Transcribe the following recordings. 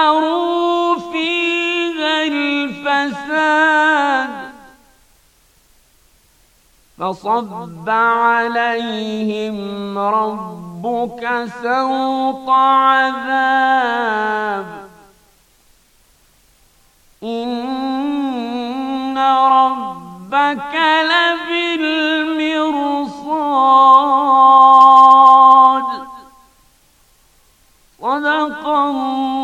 فظهروا فيها الفساد فصب عليهم ربك سوط عذاب إن ربك لبالمرصاد صدق الله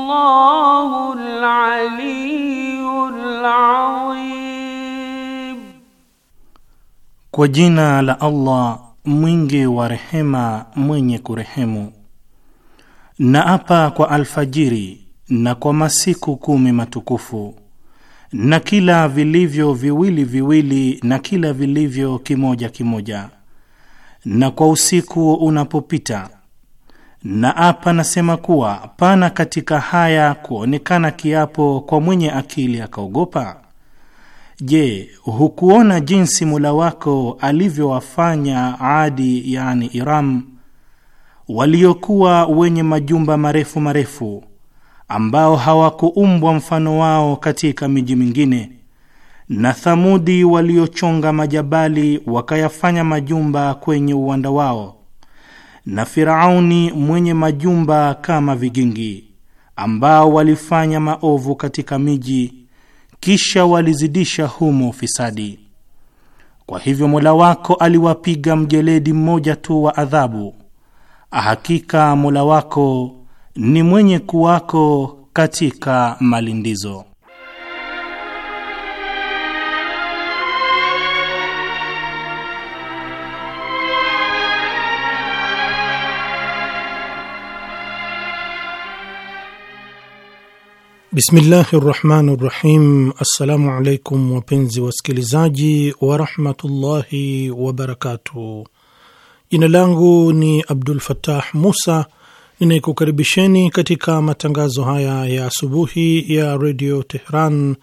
Kwa jina la Allah mwingi wa rehema mwenye kurehemu. na apa kwa alfajiri na kwa masiku kumi matukufu na kila vilivyo viwili viwili na kila vilivyo kimoja kimoja na kwa usiku unapopita na apa nasema kuwa pana katika haya kuonekana kiapo kwa mwenye akili akaogopa? Je, hukuona jinsi mula wako alivyowafanya Adi yani Iram waliokuwa wenye majumba marefu marefu ambao hawakuumbwa mfano wao katika miji mingine na Thamudi waliochonga majabali wakayafanya majumba kwenye uwanda wao na Firauni mwenye majumba kama vigingi, ambao walifanya maovu katika miji, kisha walizidisha humo fisadi. Kwa hivyo Mola wako aliwapiga mjeledi mmoja tu wa adhabu. Hakika Mola wako ni mwenye kuwako katika malindizo. Bismillahi rahmani rahim. Assalamu alaikum wapenzi wasikilizaji warahmatullahi wabarakatuh. Jina langu ni Abdul fatah Musa ninayekukaribisheni katika matangazo haya ya asubuhi ya redio Tehran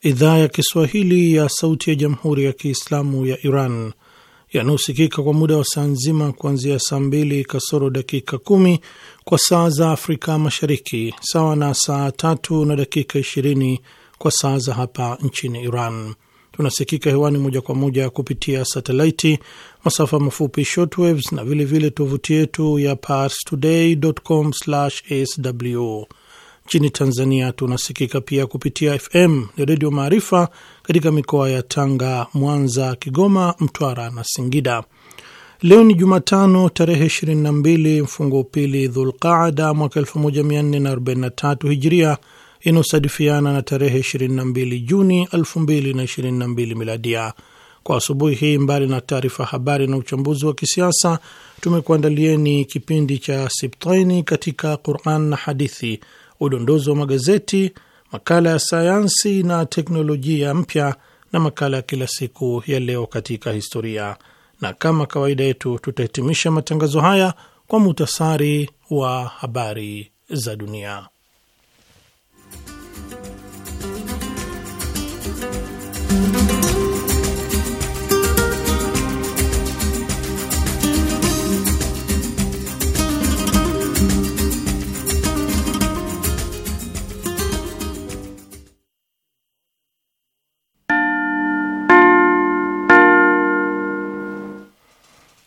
idhaa ya Kiswahili ya sauti ya jamhuri ya Kiislamu ya Iran yanayosikika kwa muda wa saa nzima kuanzia saa mbili kasoro dakika kumi kwa saa za Afrika Mashariki, sawa na saa tatu na dakika ishirini kwa saa za hapa nchini Iran. Tunasikika hewani moja kwa moja kupitia satelaiti, masafa mafupi shortwaves, na vilevile tovuti yetu ya parstoday.com/sw Nchini Tanzania tunasikika pia kupitia FM ni Redio Maarifa katika mikoa ya Tanga, Mwanza, Kigoma, Mtwara na Singida. Leo ni Jumatano tarehe 22 mfungo pili Dhulqaada mwaka 1443 Hijria, inayosadifiana na tarehe 22 Juni 2022 Miladia. Kwa asubuhi hii, mbali na taarifa habari na uchambuzi wa kisiasa, tumekuandalieni kipindi cha Sibtaini katika Quran na hadithi udondozi wa magazeti, makala ya sayansi na teknolojia mpya na makala ya kila siku ya leo katika historia, na kama kawaida yetu tutahitimisha matangazo haya kwa muhtasari wa habari za dunia.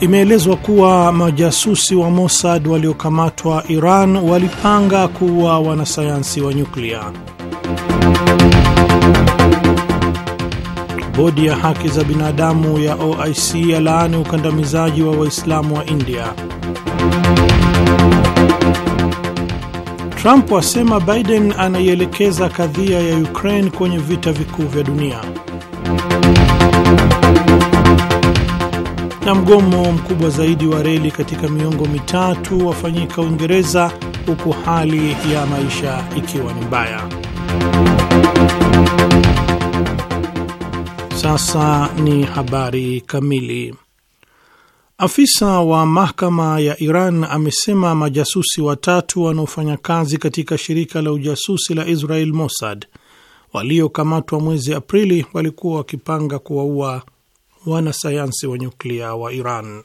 Imeelezwa kuwa majasusi wa Mossad waliokamatwa Iran walipanga kuwa wanasayansi wa nyuklia. Bodi ya haki za binadamu ya OIC yalaani ukandamizaji wa Waislamu wa India. Trump asema Biden anaielekeza kadhia ya Ukraine kwenye vita vikuu vya dunia. Na mgomo mkubwa zaidi wa reli katika miongo mitatu wafanyika Uingereza, huku hali ya maisha ikiwa ni mbaya. Sasa ni habari kamili. Afisa wa mahakama ya Iran amesema majasusi watatu wanaofanya kazi katika shirika la ujasusi la Israel Mossad waliokamatwa mwezi Aprili walikuwa wakipanga kuwaua wanasayansi wa nyuklia wa Iran.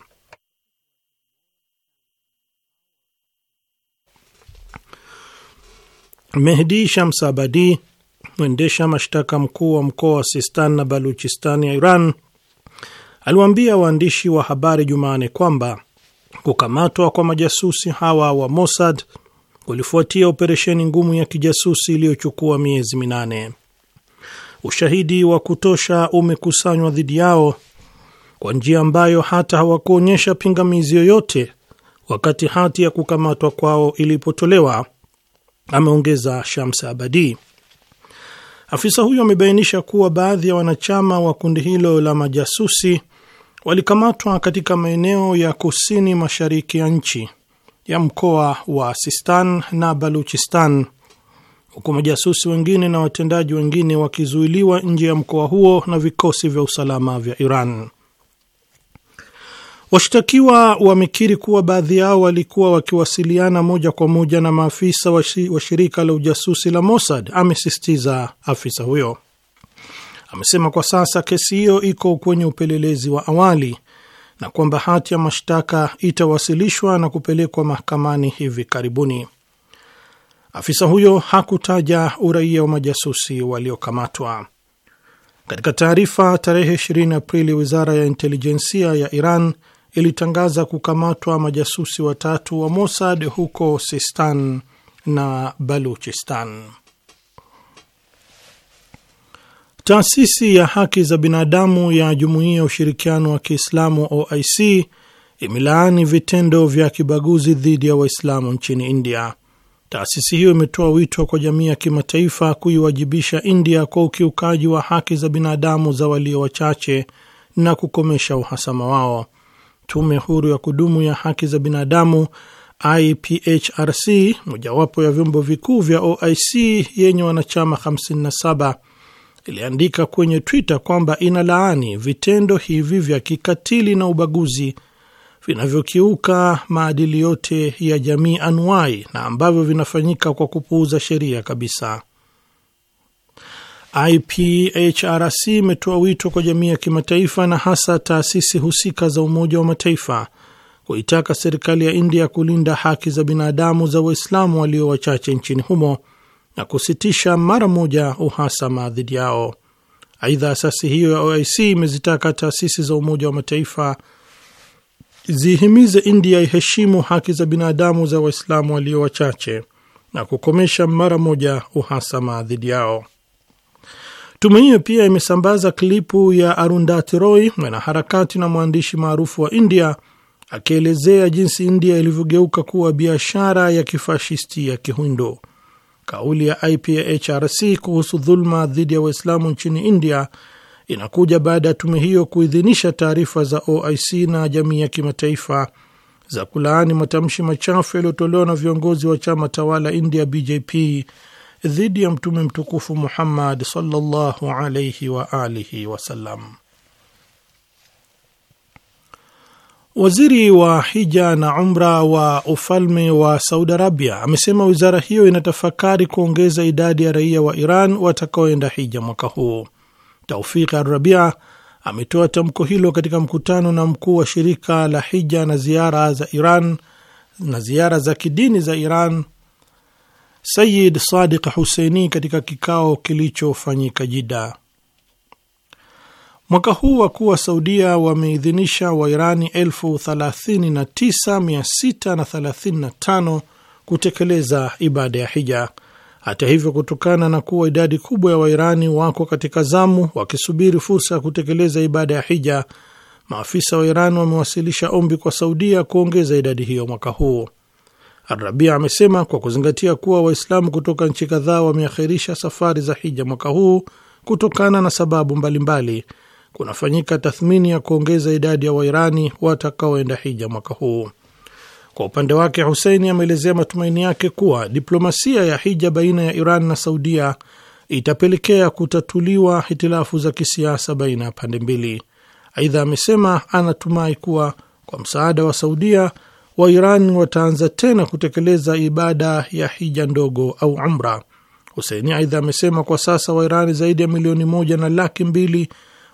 Mehdi Shamsabadi, mwendesha mashtaka mkuu wa mkoa wa Sistan na Baluchistan ya Iran, aliwaambia waandishi wa habari Jumane kwamba kukamatwa kwa majasusi hawa wa Mossad kulifuatia operesheni ngumu ya kijasusi iliyochukua miezi minane ushahidi wa kutosha umekusanywa dhidi yao kwa njia ambayo hata hawakuonyesha pingamizi yoyote wakati hati ya kukamatwa kwao ilipotolewa, ameongeza Shamsa Abadi. Afisa huyo amebainisha kuwa baadhi ya wanachama wa kundi hilo la majasusi walikamatwa katika maeneo ya kusini mashariki ya nchi ya mkoa wa Sistan na Baluchistan huku majasusi wengine na watendaji wengine wakizuiliwa nje ya mkoa huo na vikosi vya usalama vya Iran. Washtakiwa wamekiri kuwa baadhi yao walikuwa wakiwasiliana moja kwa moja na maafisa wa shirika la ujasusi la Mossad, amesisitiza afisa huyo. Amesema kwa sasa kesi hiyo iko kwenye upelelezi wa awali na kwamba hati ya mashtaka itawasilishwa na kupelekwa mahakamani hivi karibuni. Afisa huyo hakutaja uraia wa majasusi waliokamatwa. Katika taarifa tarehe 20 Aprili, wizara ya intelijensia ya Iran ilitangaza kukamatwa majasusi watatu wa Mossad huko Sistan na Baluchistan. Taasisi ya haki za binadamu ya Jumuiya ya Ushirikiano wa Kiislamu OIC imelaani vitendo vya kibaguzi dhidi ya Waislamu nchini India. Taasisi hiyo imetoa wito kwa jamii ya kimataifa kuiwajibisha India kwa ukiukaji wa haki za binadamu za walio wachache na kukomesha uhasama wao. Tume huru ya kudumu ya haki za binadamu IPHRC, mojawapo ya vyombo vikuu vya OIC yenye wanachama 57, iliandika kwenye Twitter kwamba inalaani vitendo hivi vya kikatili na ubaguzi vinavyokiuka maadili yote ya jamii anwai na ambavyo vinafanyika kwa kupuuza sheria kabisa. IPHRC imetoa wito kwa jamii ya kimataifa na hasa taasisi husika za Umoja wa Mataifa kuitaka serikali ya India kulinda haki za binadamu za Waislamu walio wachache nchini humo na kusitisha mara moja uhasama dhidi yao. Aidha, asasi hiyo ya OIC imezitaka taasisi za Umoja wa Mataifa zihimize India iheshimu haki za binadamu za Waislamu walio wachache na kukomesha mara moja uhasama dhidi yao. Tume hiyo pia imesambaza klipu ya Arundhati Roy, mwanaharakati na mwandishi maarufu wa India, akielezea jinsi India ilivyogeuka kuwa biashara ya kifashisti ya Kihindu. Kauli ya IPARC kuhusu dhuluma dhidi ya Waislamu nchini India inakuja baada ya tume hiyo kuidhinisha taarifa za OIC na jamii ya kimataifa za kulaani matamshi machafu yaliyotolewa na viongozi wa chama tawala India BJP dhidi ya Mtume mtukufu Muhammad sallallahu alaihi wa alihi wasallam. Waziri wa hija na umra wa ufalme wa Saudi Arabia amesema wizara hiyo inatafakari kuongeza idadi ya raia wa Iran watakaoenda hija mwaka huu. Taufik arabia ametoa tamko hilo katika mkutano na mkuu wa shirika la hija na ziara za Iran na ziara za kidini za Iran Sayid Sadiq Huseini katika kikao kilichofanyika Jida. Mwaka huu wakuu wa Saudia wameidhinisha Wairani 39635 kutekeleza ibada ya hija. Hata hivyo, kutokana na kuwa idadi kubwa ya Wairani wako katika zamu wakisubiri fursa ya kutekeleza ibada ya hija, maafisa wa Iran wamewasilisha ombi kwa Saudia kuongeza idadi hiyo mwaka huu. Arabia amesema kwa kuzingatia kuwa Waislamu kutoka nchi kadhaa wameakhirisha safari za hija mwaka huu kutokana na sababu mbalimbali mbali, kunafanyika tathmini ya kuongeza idadi ya Wairani watakaoenda hija mwaka huu. Kwa upande wake, Huseini ameelezea matumaini yake kuwa diplomasia ya hija baina ya Iran na Saudia itapelekea kutatuliwa hitilafu za kisiasa baina ya pande mbili. Aidha, amesema anatumai kuwa kwa msaada wa Saudia wa Iran wataanza tena kutekeleza ibada ya hija ndogo au umra. Huseini aidha amesema kwa sasa Wairani zaidi ya milioni moja na laki mbili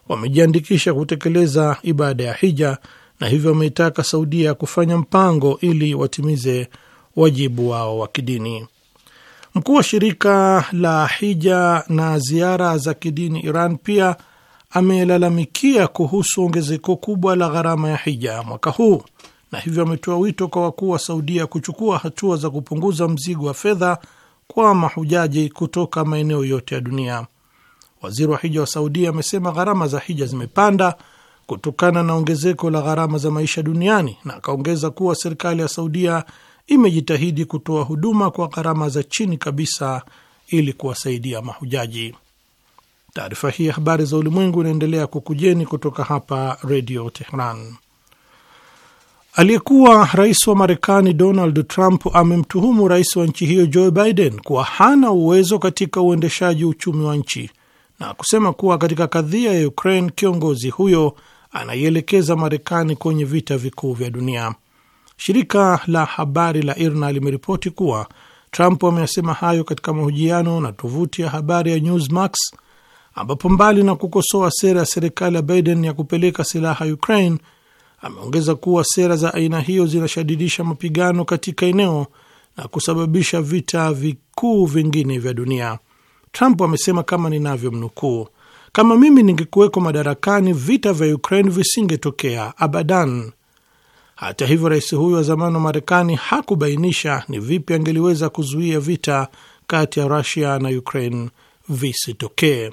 wamejiandikisha kutekeleza ibada ya hija na hivyo wameitaka Saudia kufanya mpango ili watimize wajibu wao wa kidini. Mkuu wa shirika la hija na ziara za kidini Iran pia amelalamikia kuhusu ongezeko kubwa la gharama ya hija mwaka huu, na hivyo ametoa wito kwa wakuu wa Saudia kuchukua hatua za kupunguza mzigo wa fedha kwa mahujaji kutoka maeneo yote ya dunia. Waziri wa hija wa Saudia amesema gharama za hija zimepanda kutokana na ongezeko la gharama za maisha duniani, na akaongeza kuwa serikali ya Saudia imejitahidi kutoa huduma kwa gharama za chini kabisa ili kuwasaidia mahujaji. Taarifa hii ya habari za ulimwengu inaendelea kukujeni kutoka hapa Redio Tehran. Aliyekuwa rais wa Marekani Donald Trump amemtuhumu rais wa nchi hiyo Joe Biden kuwa hana uwezo katika uendeshaji uchumi wa nchi na kusema kuwa katika kadhia ya Ukraine kiongozi huyo anaielekeza Marekani kwenye vita vikuu vya dunia. Shirika la habari la IRNA limeripoti kuwa Trump ameyasema hayo katika mahojiano na tovuti ya habari ya Newsmax, ambapo mbali na kukosoa sera ya serikali ya Biden ya kupeleka silaha Ukraine, ameongeza kuwa sera za aina hiyo zinashadidisha mapigano katika eneo na kusababisha vita vikuu vingine vya dunia. Trump amesema kama ninavyomnukuu kama mimi ningekuweko madarakani, vita vya Ukraine visingetokea abadan. Hata hivyo, rais huyo wa zamani wa Marekani hakubainisha ni vipi angeliweza kuzuia vita kati ya Rusia na Ukraine visitokee.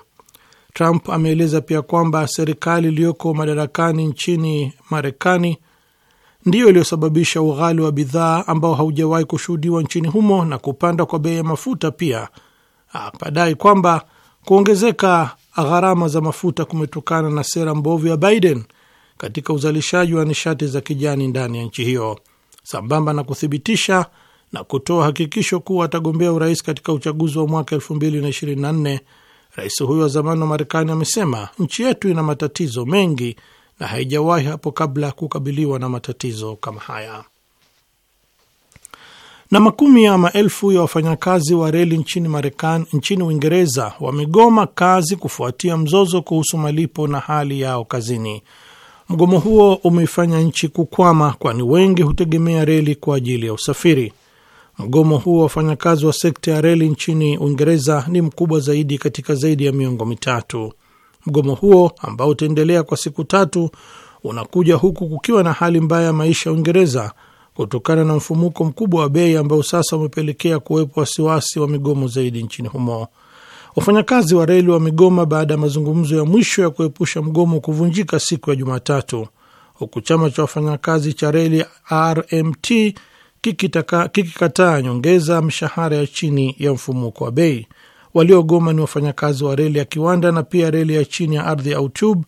Trump ameeleza pia kwamba serikali iliyoko madarakani nchini Marekani ndiyo iliyosababisha ughali wa bidhaa ambao haujawahi kushuhudiwa nchini humo na kupanda kwa bei ya mafuta. Pia akadai kwamba kuongezeka gharama za mafuta kumetokana na sera mbovu ya Biden katika uzalishaji wa nishati za kijani ndani ya nchi hiyo, sambamba na kuthibitisha na kutoa hakikisho kuwa atagombea urais katika uchaguzi wa mwaka 2024. Rais huyo wa zamani wa Marekani amesema nchi yetu ina matatizo mengi na haijawahi hapo kabla kukabiliwa na matatizo kama haya na makumi ya maelfu ya wafanyakazi wa reli nchini Marekani, nchini Uingereza wamegoma kazi kufuatia mzozo kuhusu malipo na hali yao kazini. Mgomo huo umeifanya nchi kukwama, kwani wengi hutegemea reli kwa ajili ya usafiri. Mgomo huo wa wafanyakazi wa sekta ya reli nchini Uingereza ni mkubwa zaidi katika zaidi ya miongo mitatu. Mgomo huo ambao utaendelea kwa siku tatu unakuja huku kukiwa na hali mbaya ya maisha ya Uingereza kutokana na mfumuko mkubwa wa bei ambao sasa umepelekea kuwepo wasiwasi wa migomo zaidi nchini humo. Wafanyakazi wa reli wamegoma baada ya mazungumzo ya mwisho ya kuepusha mgomo kuvunjika siku ya Jumatatu, huku chama cha wafanyakazi cha reli RMT kikikataa nyongeza mshahara ya chini ya mfumuko wa bei. Waliogoma ni wafanyakazi wa reli ya kiwanda na pia reli ya chini ya ardhi ya Utube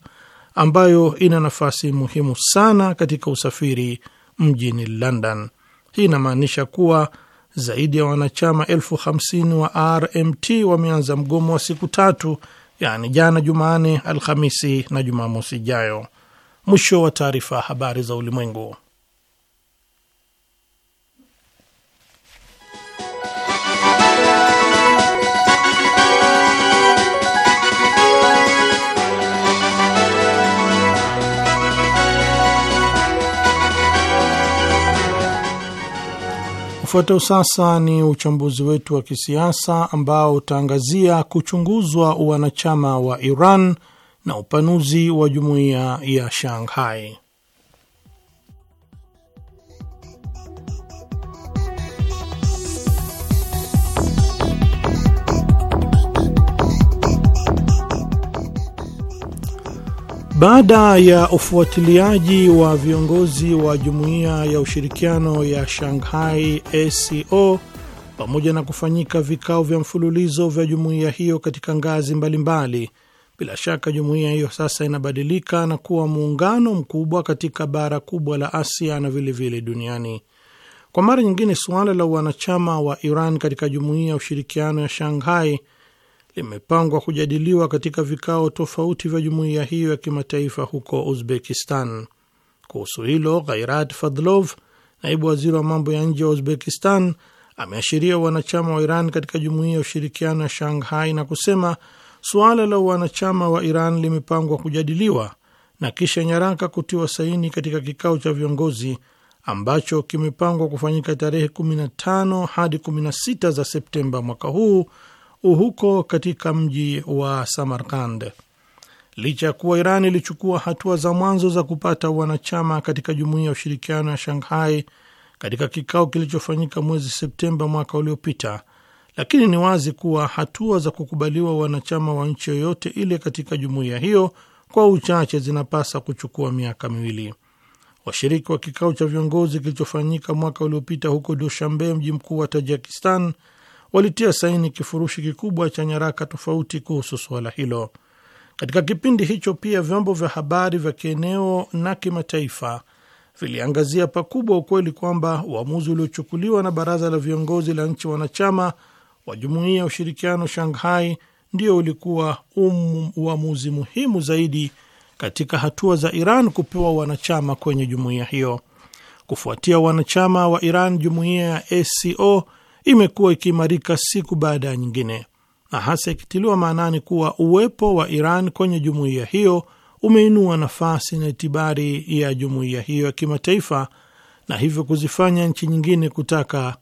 ambayo ina nafasi muhimu sana katika usafiri mjini London. Hii inamaanisha kuwa zaidi ya wanachama elfu hamsini wa RMT wameanza mgomo wa siku tatu, yaani jana Jumanne, Alhamisi na Jumamosi ijayo. Mwisho wa taarifa. Habari za Ulimwengu. Ufuatao sasa ni uchambuzi wetu wa kisiasa ambao utaangazia kuchunguzwa wanachama wa Iran na upanuzi wa jumuiya ya Shanghai. Baada ya ufuatiliaji wa viongozi wa Jumuiya ya Ushirikiano ya Shanghai ACO pamoja na kufanyika vikao vya mfululizo vya jumuiya hiyo katika ngazi mbalimbali mbali. Bila shaka jumuiya hiyo sasa inabadilika na kuwa muungano mkubwa katika bara kubwa la Asia na vilevile vile duniani. Kwa mara nyingine, suala la wanachama wa Iran katika Jumuiya ya Ushirikiano ya Shanghai limepangwa kujadiliwa katika vikao tofauti vya jumuiya hiyo ya kimataifa huko Uzbekistan. Kuhusu hilo, Ghairat Fadlov, naibu waziri wa mambo ya nje wa Uzbekistan, ameashiria wanachama wa Iran katika jumuiya ya ushirikiano ya Shanghai na kusema suala la wanachama wa Iran limepangwa kujadiliwa na kisha nyaraka kutiwa saini katika kikao cha viongozi ambacho kimepangwa kufanyika tarehe 15 hadi 16 za Septemba mwaka huu huko katika mji wa Samarkand. Licha ya kuwa Iran ilichukua hatua za mwanzo za kupata wanachama katika jumuiya ya ushirikiano ya Shanghai katika kikao kilichofanyika mwezi Septemba mwaka uliopita, lakini ni wazi kuwa hatua za kukubaliwa wanachama wa nchi yoyote ile katika jumuiya hiyo kwa uchache zinapasa kuchukua miaka miwili. Washiriki wa kikao cha viongozi kilichofanyika mwaka uliopita huko Dushanbe, mji mkuu wa Tajikistan, walitia saini kifurushi kikubwa cha nyaraka tofauti kuhusu suala hilo. Katika kipindi hicho pia vyombo vya habari vya kieneo na kimataifa viliangazia pakubwa ukweli kwamba uamuzi uliochukuliwa na baraza la viongozi la nchi wanachama wa jumuiya ya ushirikiano Shanghai ndio ulikuwa um, uamuzi muhimu zaidi katika hatua za Iran kupewa wanachama kwenye jumuiya hiyo. Kufuatia wanachama wa Iran jumuiya ya ACO imekuwa ikiimarika siku baada ya nyingine, na hasa ikitiliwa maanani kuwa uwepo wa Iran kwenye jumuiya hiyo umeinua nafasi na itibari ya jumuiya hiyo ya kimataifa na hivyo kuzifanya nchi nyingine kutaka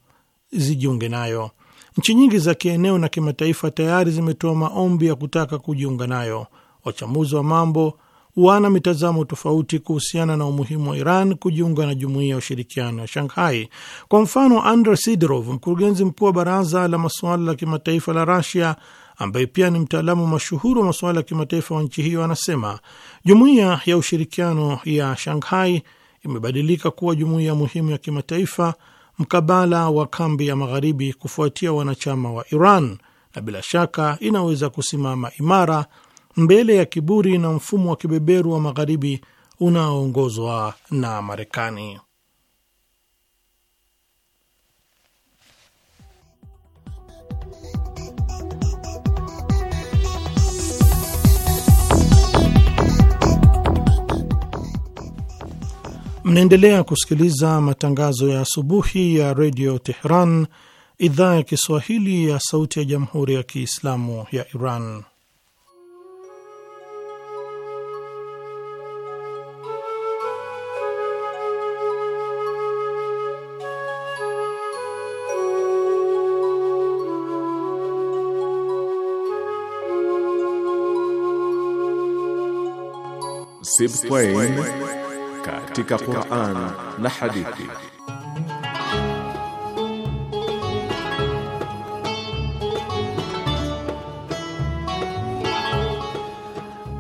zijiunge nayo. Nchi nyingi za kieneo na kimataifa tayari zimetoa maombi ya kutaka kujiunga nayo. Wachambuzi wa mambo wana mitazamo tofauti kuhusiana na umuhimu wa Iran kujiunga na jumuiya ya ushirikiano ya Shanghai. Kwa mfano, Andrey Sidorov, mkurugenzi mkuu wa baraza la masuala ya kimataifa la Rasia, ambaye pia ni mtaalamu mashuhuri wa masuala ya kimataifa wa nchi hiyo, anasema jumuiya ya ushirikiano ya Shanghai imebadilika kuwa jumuiya muhimu ya kimataifa mkabala wa kambi ya magharibi kufuatia wanachama wa Iran, na bila shaka inaweza kusimama imara mbele ya kiburi na mfumo wa kibeberu wa magharibi unaoongozwa na Marekani. Mnaendelea kusikiliza matangazo ya asubuhi ya redio Tehran, idhaa ya Kiswahili ya sauti ya jamhuri ya kiislamu ya Iran. Sib katika Qur'an na hadithi.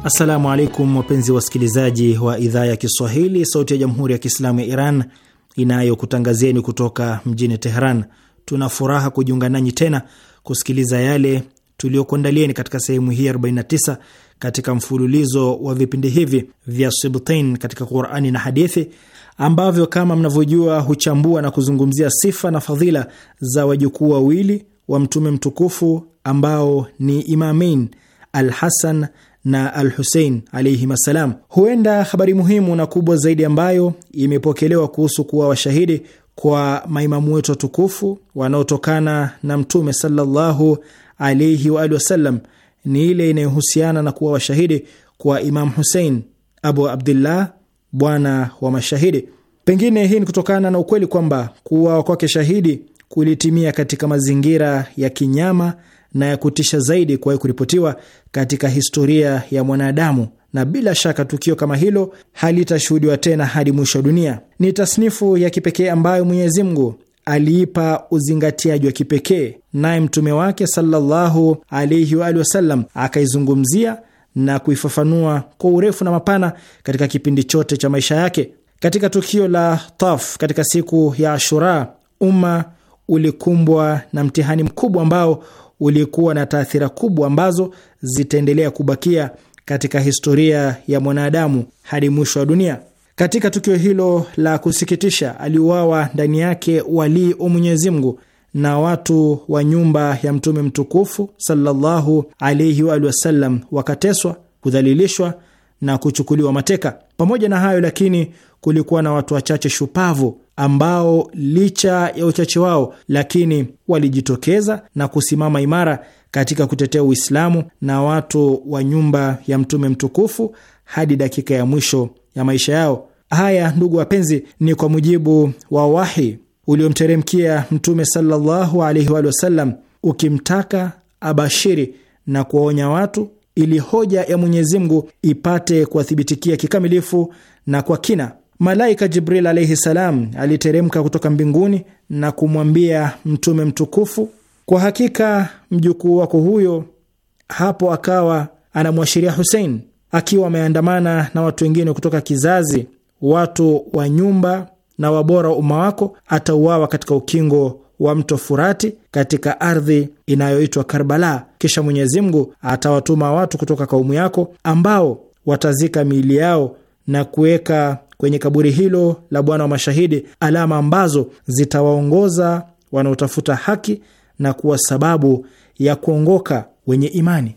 Assalamu alaikum wapenzi wasikilizaji wa idhaa ya Kiswahili sauti ya Jamhuri ya Kiislamu ya Iran inayokutangazieni kutoka mjini Tehran. Tuna furaha kujiunga nanyi tena kusikiliza yale tuliyokuandalieni katika sehemu hii 49 katika mfululizo wa vipindi hivi vya Sibtain katika Qurani na hadithi ambavyo kama mnavyojua huchambua na kuzungumzia sifa na fadhila za wajukuu wawili wa mtume mtukufu ambao ni Imamain Al-Hasan na Al-Husein alayhim assalam. Huenda habari muhimu na kubwa zaidi ambayo imepokelewa kuhusu kuwa washahidi kwa maimamu wetu watukufu wanaotokana na mtume sallallahu alaihi waalihi wasallam wa ni ile inayohusiana na kuwa washahidi kwa Imam Hussein Abu Abdillah, bwana wa mashahidi. Pengine hii ni kutokana na ukweli kwamba kuuawa kwake shahidi kulitimia katika mazingira ya kinyama na ya kutisha zaidi kuwahi kuripotiwa katika historia ya mwanadamu, na bila shaka tukio kama hilo halitashuhudiwa tena hadi mwisho wa dunia. Ni tasnifu ya kipekee ambayo Mwenyezi Mungu aliipa uzingatiaji wa kipekee, naye mtume wake sallallahu alaihi wa alihi wasallam akaizungumzia na kuifafanua kwa urefu na mapana katika kipindi chote cha maisha yake. Katika tukio la Taf katika siku ya Ashura, umma ulikumbwa na mtihani mkubwa ambao ulikuwa na taathira kubwa ambazo zitaendelea kubakia katika historia ya mwanadamu hadi mwisho wa dunia. Katika tukio hilo la kusikitisha, aliuawa ndani yake walii wa Mwenyezi Mungu na watu wa nyumba ya mtume mtukufu sallallahu alaihi wa alihi wasallam wakateswa, kudhalilishwa na kuchukuliwa mateka. Pamoja na hayo lakini, kulikuwa na watu wachache shupavu ambao licha ya uchache wao, lakini walijitokeza na kusimama imara katika kutetea Uislamu na watu wa nyumba ya mtume mtukufu hadi dakika ya mwisho ya maisha yao. Haya, ndugu wapenzi, ni kwa mujibu wa wahi uliomteremkia Mtume sallallahu alaihi wa sallam, ukimtaka abashiri na kuwaonya watu ili hoja ya Mwenyezi Mungu ipate kuwathibitikia kikamilifu na kwa kina. Malaika Jibril alaihi salam aliteremka kutoka mbinguni na kumwambia Mtume mtukufu, kwa hakika mjukuu wako huyo. Hapo akawa anamwashiria Husein akiwa ameandamana na watu wengine kutoka kizazi watu wa nyumba na wabora umma wako, atauawa katika ukingo wa mto Furati katika ardhi inayoitwa Karbala. Kisha Mwenyezi Mungu atawatuma watu kutoka kaumu yako ambao watazika miili yao na kuweka kwenye kaburi hilo la Bwana wa mashahidi alama ambazo zitawaongoza wanaotafuta haki na kuwa sababu ya kuongoka wenye imani.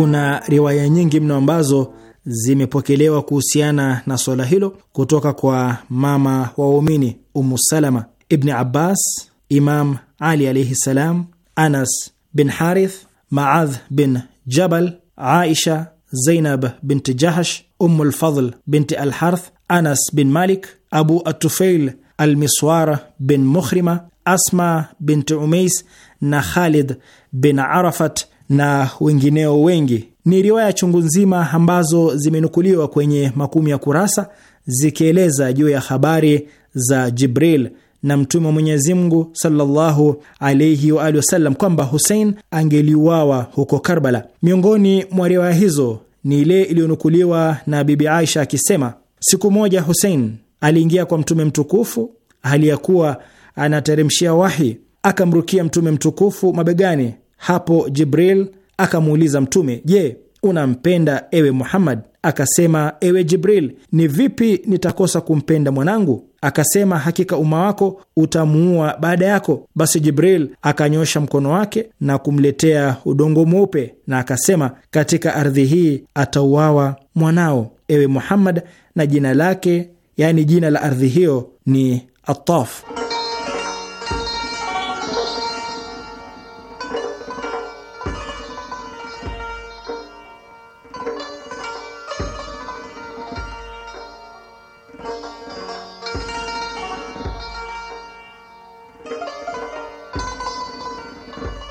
kuna riwaya nyingi mno ambazo zimepokelewa kuhusiana na swala hilo kutoka kwa mama wa waumini Umu Salama, Ibni Abbas, Imam Ali alaihi salam, Anas bin Harith, Maadh bin Jabal, Aisha, Zainab binti Jahash, Umu Lfadl binti Alharth, Anas bin Malik, Abu Atufail Almiswar bin Mukhrima, Asma binti Umais na Khalid bin Arafat na wengineo wengi. Ni riwaya chungu nzima ambazo zimenukuliwa kwenye makumi ya kurasa zikieleza juu ya habari za Jibril na mtume wa Mwenyezi Mungu sallallahu alayhi wa alihi wasallam kwamba Hussein angeliuawa huko Karbala. Miongoni mwa riwaya hizo ni ile iliyonukuliwa na Bibi Aisha akisema, siku moja Hussein aliingia kwa mtume mtukufu hali ya kuwa anateremshia wahi, akamrukia mtume mtukufu mabegani hapo Jibril akamuuliza Mtume, je, unampenda ewe Muhammad? Akasema, ewe Jibril, ni vipi nitakosa kumpenda mwanangu? Akasema, hakika umma wako utamuua baada yako. Basi Jibril akanyosha mkono wake na kumletea udongo mweupe, na akasema, katika ardhi hii atauawa mwanao, ewe Muhammad, na jina lake, yaani jina la ardhi hiyo ni Ataf.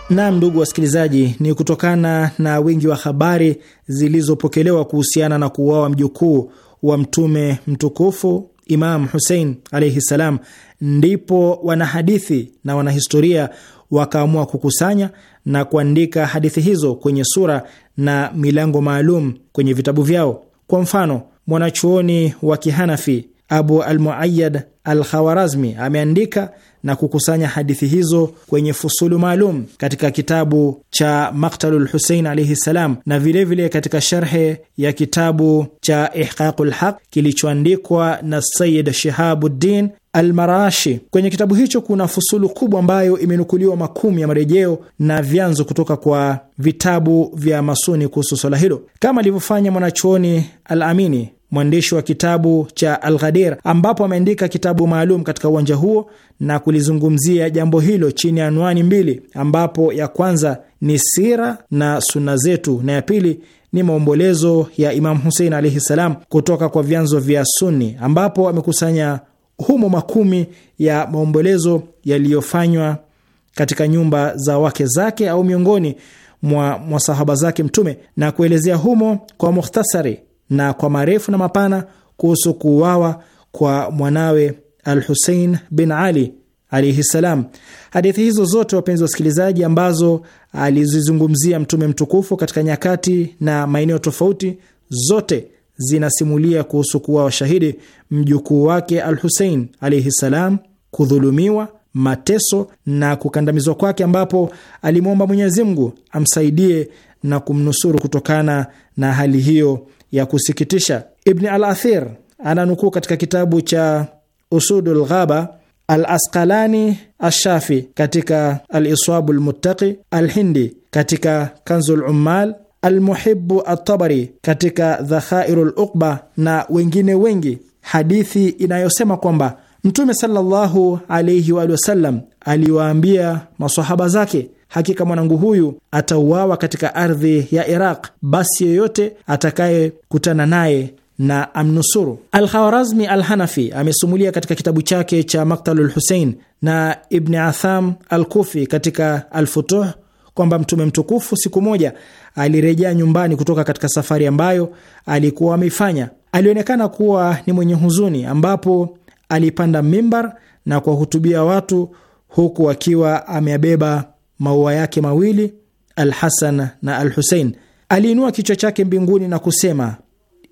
Naam, ndugu wasikilizaji, ni kutokana na wingi wa habari zilizopokelewa kuhusiana na kuuawa mjukuu wa Mtume mtukufu Imam Husein alaihi ssalam ndipo wanahadithi na wanahistoria wakaamua kukusanya na kuandika hadithi hizo kwenye sura na milango maalum kwenye vitabu vyao. Kwa mfano, mwanachuoni wa Kihanafi Abu Almuayad Alkhawarazmi ameandika na kukusanya hadithi hizo kwenye fusulu maalum katika kitabu cha Maktalul Husein alaihi ssalam, na vilevile vile katika sharhe ya kitabu cha Ihqaqu lhaq kilichoandikwa na Sayid Shihabuddin Almarashi. Kwenye kitabu hicho kuna fusulu kubwa ambayo imenukuliwa makumi ya marejeo na vyanzo kutoka kwa vitabu vya masuni kuhusu swala hilo, kama alivyofanya mwanachuoni Al Amini mwandishi wa kitabu cha Alghadir, ambapo ameandika kitabu maalum katika uwanja huo na kulizungumzia jambo hilo chini ya anwani mbili, ambapo ya kwanza ni sira na suna zetu na ya pili ni maombolezo ya Imam Husein alaihi ssalam kutoka kwa vyanzo vya Sunni, ambapo amekusanya humo makumi ya maombolezo yaliyofanywa katika nyumba za wake zake au miongoni mwa masahaba zake Mtume na kuelezea humo kwa mukhtasari na kwa marefu na mapana kuhusu kuuawa kwa mwanawe Al Husein bin Ali alaihi ssalam. Hadithi hizo zote, wapenzi wasikilizaji, ambazo alizizungumzia Mtume mtukufu katika nyakati na maeneo tofauti, zote zinasimulia kuhusu kuuawa shahidi mjukuu wake Al Husein alaihi ssalam, kudhulumiwa, mateso na kukandamizwa kwake, ambapo alimwomba Mwenyezi Mungu amsaidie na kumnusuru kutokana na hali hiyo ya kusikitisha. Ibn al-Athir ananukuu katika kitabu cha usudu lghaba Al-Asqalani Ashafi katika aliswabu iswabu Lmuttaqi, katika Kanzu Lummal, Almuhibu Atabari katika Dhakhairu Luqba na wengine wengi hadithi inayosema kwamba Mtume sallallahu alaihi waali wasallam aliwaambia masahaba zake hakika mwanangu huyu atauawa katika ardhi ya Iraq, basi yeyote atakayekutana naye na amnusuru. Alkhawarazmi alhanafi Al-Hanafi amesumulia katika kitabu chake cha Maktalu lhusein na Ibni Atham Al-Kufi katika Al-Futuh kwamba Mtume mtukufu siku moja alirejea nyumbani kutoka katika safari ambayo alikuwa ameifanya. Alionekana kuwa ni mwenye huzuni, ambapo alipanda mimbar na kuwahutubia watu huku akiwa ameabeba maua yake mawili Alhasan na Alhusein. Aliinua kichwa chake mbinguni na kusema,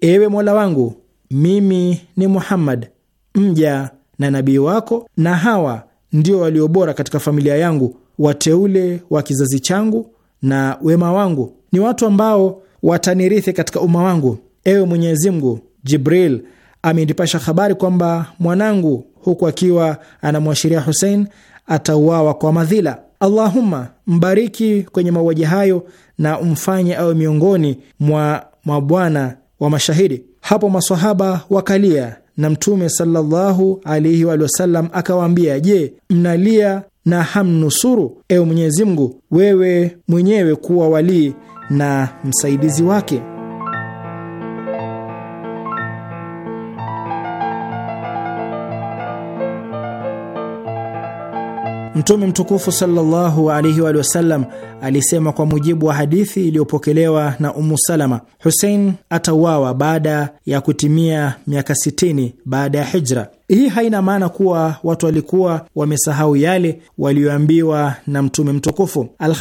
ewe Mola wangu, mimi ni Muhammad mja na nabii wako, na hawa ndio waliobora katika familia yangu, wateule wa kizazi changu na wema wangu, ni watu ambao watanirithi katika umma wangu. Ewe Mwenyezi Mungu, Jibril amenipasha habari kwamba mwanangu, huku akiwa anamwashiria Husein, atauawa kwa madhila. Allahumma mbariki kwenye mauaji hayo na umfanye awe miongoni mwa mabwana wa mashahidi. Hapo maswahaba wakalia na Mtume sallallahu alaihi wa sallam akawaambia, je, mnalia na hamnusuru? Ewe Mwenyezi Mungu, wewe mwenyewe kuwa walii na msaidizi wake. Mtume mtukufu sallallahu alaihi wa sallam alisema kwa mujibu wa hadithi iliyopokelewa na umu Salama, Husein atauawa baada ya kutimia miaka 60 baada ya hijra. Hii haina maana kuwa watu walikuwa wamesahau yale walioambiwa na mtume mtukufu. al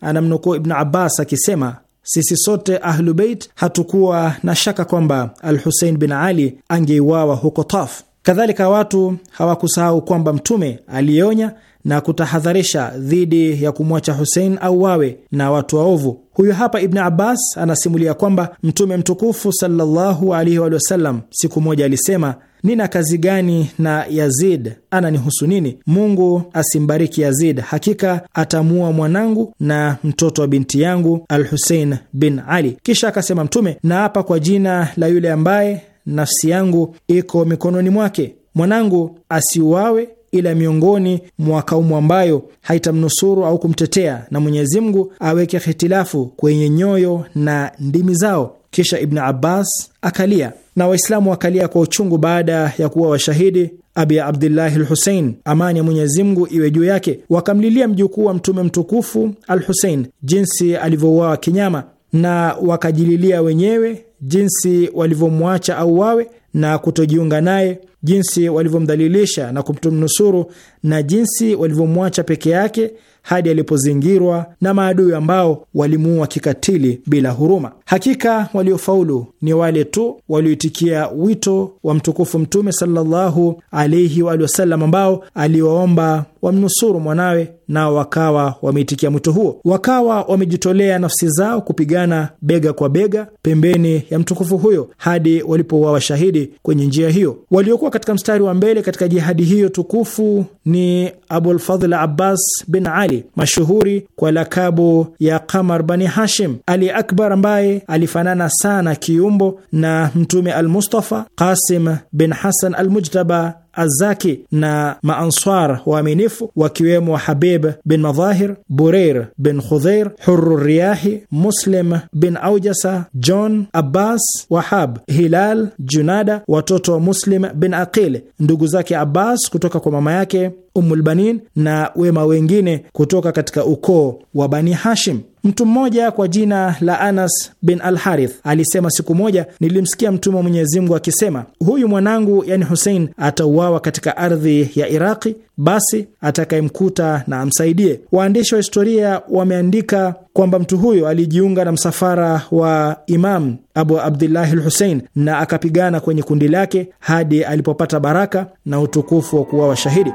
anamnukuu Ibn Abbas akisema sisi sote Ahlubeit hatukuwa na shaka kwamba Al-Husein bin Ali angeiwawa huko Taf. Kadhalika, watu hawakusahau kwamba Mtume alionya na kutahadharisha dhidi ya kumwacha Husein au wawe na watu waovu. Huyu hapa Ibn Abbas anasimulia kwamba Mtume mtukufu sallallahu alaihi wasallam siku moja alisema, nina kazi gani na Yazid? Ananihusu nini? Mungu asimbariki Yazid, hakika atamuua mwanangu na mtoto wa binti yangu Al Husein bin Ali. Kisha akasema Mtume, naapa kwa jina la yule ambaye nafsi yangu iko mikononi mwake, mwanangu asiuawe ila miongoni mwa kaumu ambayo haitamnusuru au kumtetea, na Mwenyezi Mungu aweke hitilafu kwenye nyoyo na ndimi zao. Kisha Ibn Abbas akalia na Waislamu wakalia kwa uchungu baada ya kuwa washahidi Abi Abdillahi Lhusein, amani ya Mwenyezi Mungu iwe juu yake. Wakamlilia mjukuu wa Mtume mtukufu Al Husein, jinsi alivyouawa kinyama na wakajililia wenyewe jinsi walivyomwacha au wawe na kutojiunga naye, jinsi walivyomdhalilisha na kumtumnusuru na jinsi walivyomwacha peke yake hadi alipozingirwa na maadui ambao walimuua kikatili bila huruma. Hakika waliofaulu ni wale tu walioitikia wito wa mtukufu Mtume sallallahu alaihi wa alihi ambao aliwaomba wamnusuru mwanawe, nao wakawa wameitikia mwito huo, wakawa wamejitolea nafsi zao kupigana bega kwa bega pembeni ya mtukufu huyo hadi walipouawa shahidi kwenye njia hiyo. Waliokuwa katika mstari wa mbele katika jihadi hiyo tukufu ni abulfadl Abbas bin Ali, mashuhuri kwa lakabu ya Qamar bani Hashim, Ali Akbar ambaye alifanana sana kiumbo na Mtume Almustafa, Qasim bin Hasan Almujtaba Azaki na maanswar waaminifu wakiwemo Habib bin Madhahir, Bureir bin Khudheir, Huru Riyahi, Muslim bin Aujasa, John Abbas, Wahab, Hilal, Junada, watoto wa Muslim bin Aqil, ndugu zake Abbas kutoka kwa mama yake Umulbanin na wema wengine kutoka katika ukoo wa Bani Hashim. Mtu mmoja kwa jina la Anas bin al Harith alisema, siku moja nilimsikia Mtume wa Mwenyezi Mungu akisema, huyu mwanangu, yani Husein, atauawa katika ardhi ya Iraqi, basi atakayemkuta na amsaidie. Waandishi wa historia wameandika kwamba mtu huyo alijiunga na msafara wa Imam Abu Abdillahi al Husein na akapigana kwenye kundi lake hadi alipopata baraka na utukufu wa kuwa washahidi.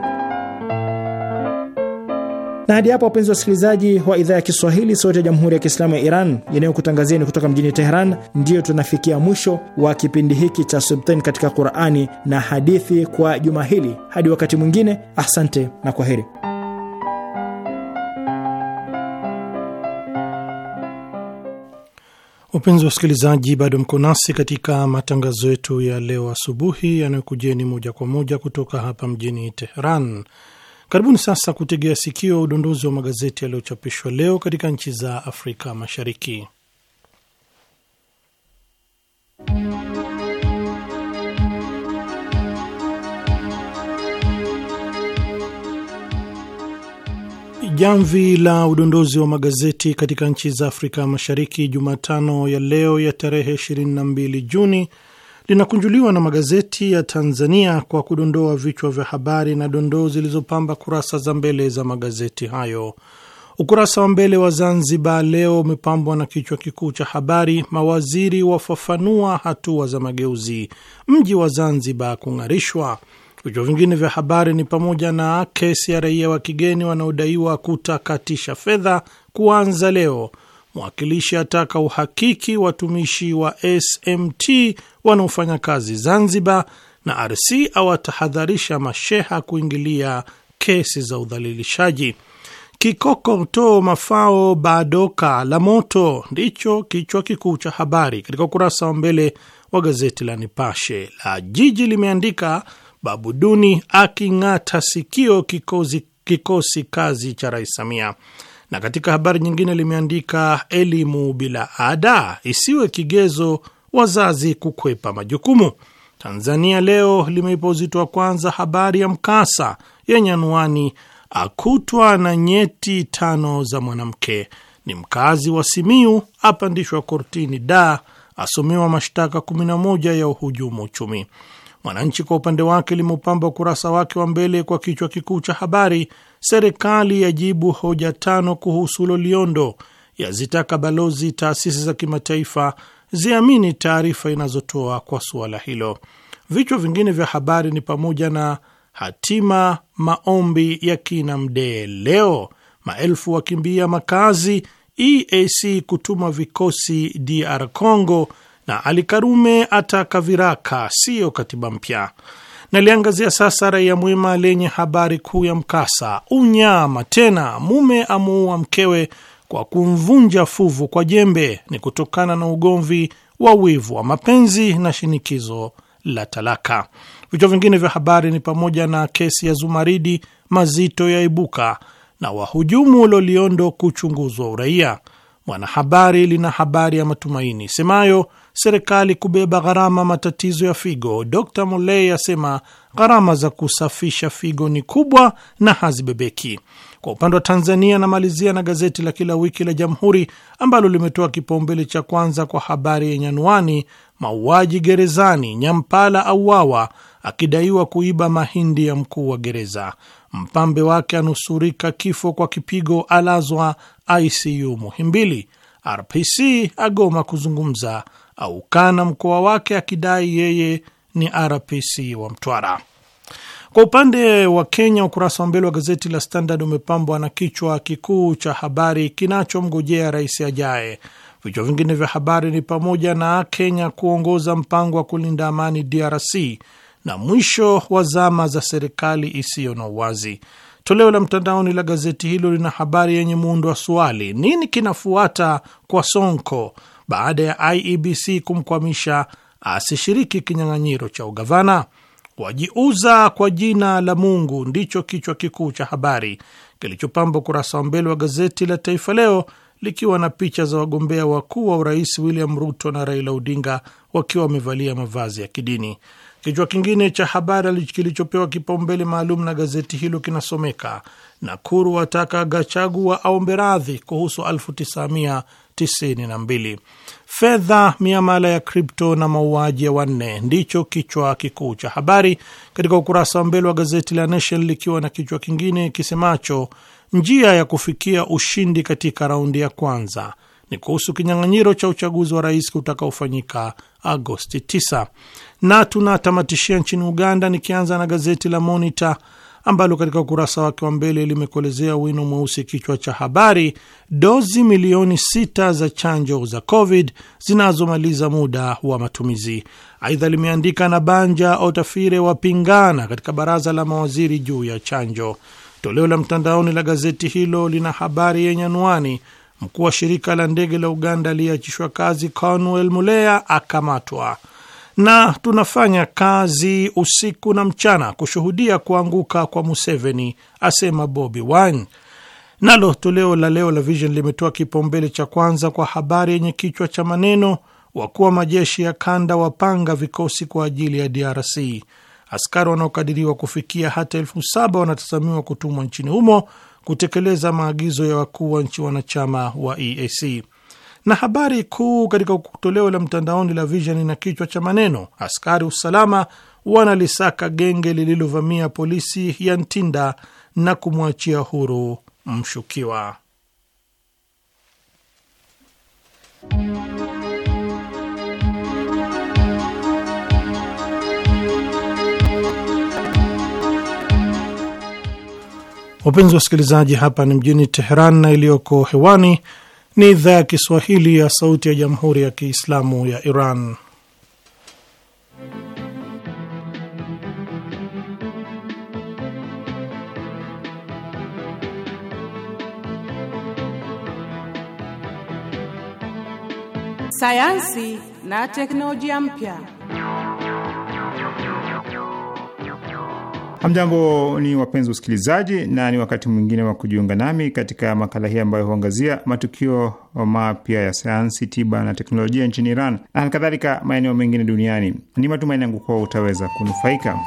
Na hadi hapo, wapenzi wa wasikilizaji wa idhaa ya Kiswahili, Sauti ya Jamhuri ya Kiislamu ya Iran inayokutangazieni kutoka mjini Teheran, ndiyo tunafikia mwisho wa kipindi hiki cha Subtain katika Qurani na hadithi kwa juma hili. Hadi wakati mwingine, asante na kwa heri. Wapenzi wa wasikilizaji, bado mko nasi katika matangazo yetu ya leo asubuhi yanayokujeni moja kwa moja kutoka hapa mjini Teheran. Karibuni sasa kutegea sikio udondozi wa magazeti yaliyochapishwa leo katika nchi za Afrika Mashariki. Jamvi la udondozi wa magazeti katika nchi za Afrika Mashariki Jumatano ya leo ya tarehe 22 Juni linakunjuliwa na magazeti ya Tanzania kwa kudondoa vichwa vya habari na dondoo zilizopamba kurasa za mbele za magazeti hayo. Ukurasa wa mbele wa Zanzibar Leo umepambwa na kichwa kikuu cha habari, mawaziri wafafanua hatua za mageuzi, mji wa Zanzibar kung'arishwa. Vichwa vingine vya habari ni pamoja na kesi ya raia wa kigeni wanaodaiwa kutakatisha fedha kuanza leo mwakilishi ataka uhakiki watumishi wa SMT wanaofanya kazi Zanzibar, na RC awatahadharisha masheha kuingilia kesi za udhalilishaji. Kikokotoo mafao badoka la moto ndicho kichwa kikuu cha habari katika ukurasa wa mbele wa gazeti la Nipashe. La Jiji limeandika babu duni aking'ata sikio kikosi, kikosi kazi cha Rais Samia na katika habari nyingine limeandika elimu bila ada isiwe kigezo wazazi kukwepa majukumu. Tanzania Leo limeipa uzito wa kwanza habari ya mkasa yenye anwani akutwa na nyeti tano za mwanamke, ni mkazi wa Simiu apandishwa kortini da asomewa mashtaka 11 ya uhujumu uchumi. Mwananchi kwa upande wake limeupamba ukurasa wake wa mbele kwa kichwa kikuu cha habari serikali yajibu hoja tano kuhusu Loliondo, yazitaka balozi taasisi za kimataifa ziamini taarifa inazotoa kwa suala hilo. Vichwa vingine vya habari ni pamoja na hatima maombi ya kina Mdee leo, maelfu wakimbia makazi, EAC kutuma vikosi DR Congo, na Alikarume ataka viraka siyo katiba mpya. Naliangazia sasa Raia Mwema lenye habari kuu ya mkasa: unyama tena, mume amuua mkewe kwa kumvunja fuvu kwa jembe. Ni kutokana na ugomvi wa wivu wa mapenzi na shinikizo la talaka. Vichwa vingine vya habari ni pamoja na kesi ya Zumaridi mazito ya ibuka na wahujumu Loliondo kuchunguzwa uraia. Mwanahabari lina habari ya matumaini semayo serikali kubeba gharama matatizo ya figo. Dr Molei asema gharama za kusafisha figo ni kubwa na hazibebeki. Kwa upande wa Tanzania, namalizia na gazeti la kila wiki la Jamhuri ambalo limetoa kipaumbele cha kwanza kwa habari yenye anwani mauaji gerezani, Nyampala auawa akidaiwa kuiba mahindi ya mkuu wa gereza, mpambe wake anusurika kifo kwa kipigo, alazwa ICU Muhimbili, RPC agoma kuzungumza au kana mkoa wake akidai yeye ni RPC wa Mtwara. Kwa upande wa Kenya, ukurasa wa mbele wa gazeti la Standard umepambwa na kichwa kikuu cha habari kinachomgojea rais ajaye. Vichwa vingine vya habari ni pamoja na Kenya kuongoza mpango wa kulinda amani DRC na mwisho wa zama za serikali isiyo na uwazi. Toleo la mtandaoni la gazeti hilo lina habari yenye muundo wa swali, nini kinafuata kwa Sonko baada ya IEBC kumkwamisha asishiriki kinyang'anyiro cha ugavana. Wajiuza kwa jina la Mungu ndicho kichwa kikuu cha habari kilichopamba ukurasa wa mbele wa gazeti la Taifa Leo, likiwa na picha za wagombea wakuu wa urais William Ruto na Raila Odinga wakiwa wamevalia mavazi ya kidini. Kichwa kingine cha habari kilichopewa kipaumbele maalum na gazeti hilo kinasomeka Nakuru ataka Gachagua aombe radhi kuhusu 1992 fedha, miamala ya kripto na mauaji ya wanne, ndicho kichwa kikuu cha habari katika ukurasa wa mbele wa gazeti la Nation, likiwa na kichwa kingine kisemacho njia ya kufikia ushindi katika raundi ya kwanza ni kuhusu kinyang'anyiro cha uchaguzi wa rais utakaofanyika Agosti 9 na tunatamatishia nchini Uganda, nikianza na gazeti la Monitor ambalo katika ukurasa wake wa mbele limekolezea wino mweusi kichwa cha habari, dozi milioni sita za chanjo za Covid zinazomaliza muda wa matumizi. Aidha limeandika na Banja Otafire wapingana katika baraza la mawaziri juu ya chanjo. Toleo la mtandaoni la gazeti hilo lina habari yenye anwani, mkuu wa shirika la ndege la Uganda aliyeachishwa kazi conwel mulea akamatwa na tunafanya kazi usiku na mchana kushuhudia kuanguka kwa Museveni, asema Bobi Wine. Nalo toleo la leo la Vision limetoa kipaumbele cha kwanza kwa habari yenye kichwa cha maneno wakuu wa majeshi ya kanda wapanga vikosi kwa ajili ya DRC. Askari wanaokadiriwa kufikia hata elfu saba wanatazamiwa kutumwa nchini humo kutekeleza maagizo ya wakuu wa nchi wanachama wa EAC na habari kuu katika toleo la mtandaoni la Vision na kichwa cha maneno askari usalama wanalisaka genge lililovamia polisi ya Ntinda na kumwachia huru mshukiwa. Wapenzi wasikilizaji, hapa ni mjini Teheran na iliyoko hewani ni idhaa ya Kiswahili ya Sauti ya Jamhuri ya Kiislamu ya Iran. Sayansi na teknolojia mpya. Hamjambo ni wapenzi wasikilizaji, na ni wakati mwingine wa kujiunga nami katika makala hii ambayo huangazia matukio mapya ya sayansi, tiba na teknolojia nchini Iran na halikadhalika maeneo mengine duniani. Ni matumaini yangu kuwa utaweza kunufaika.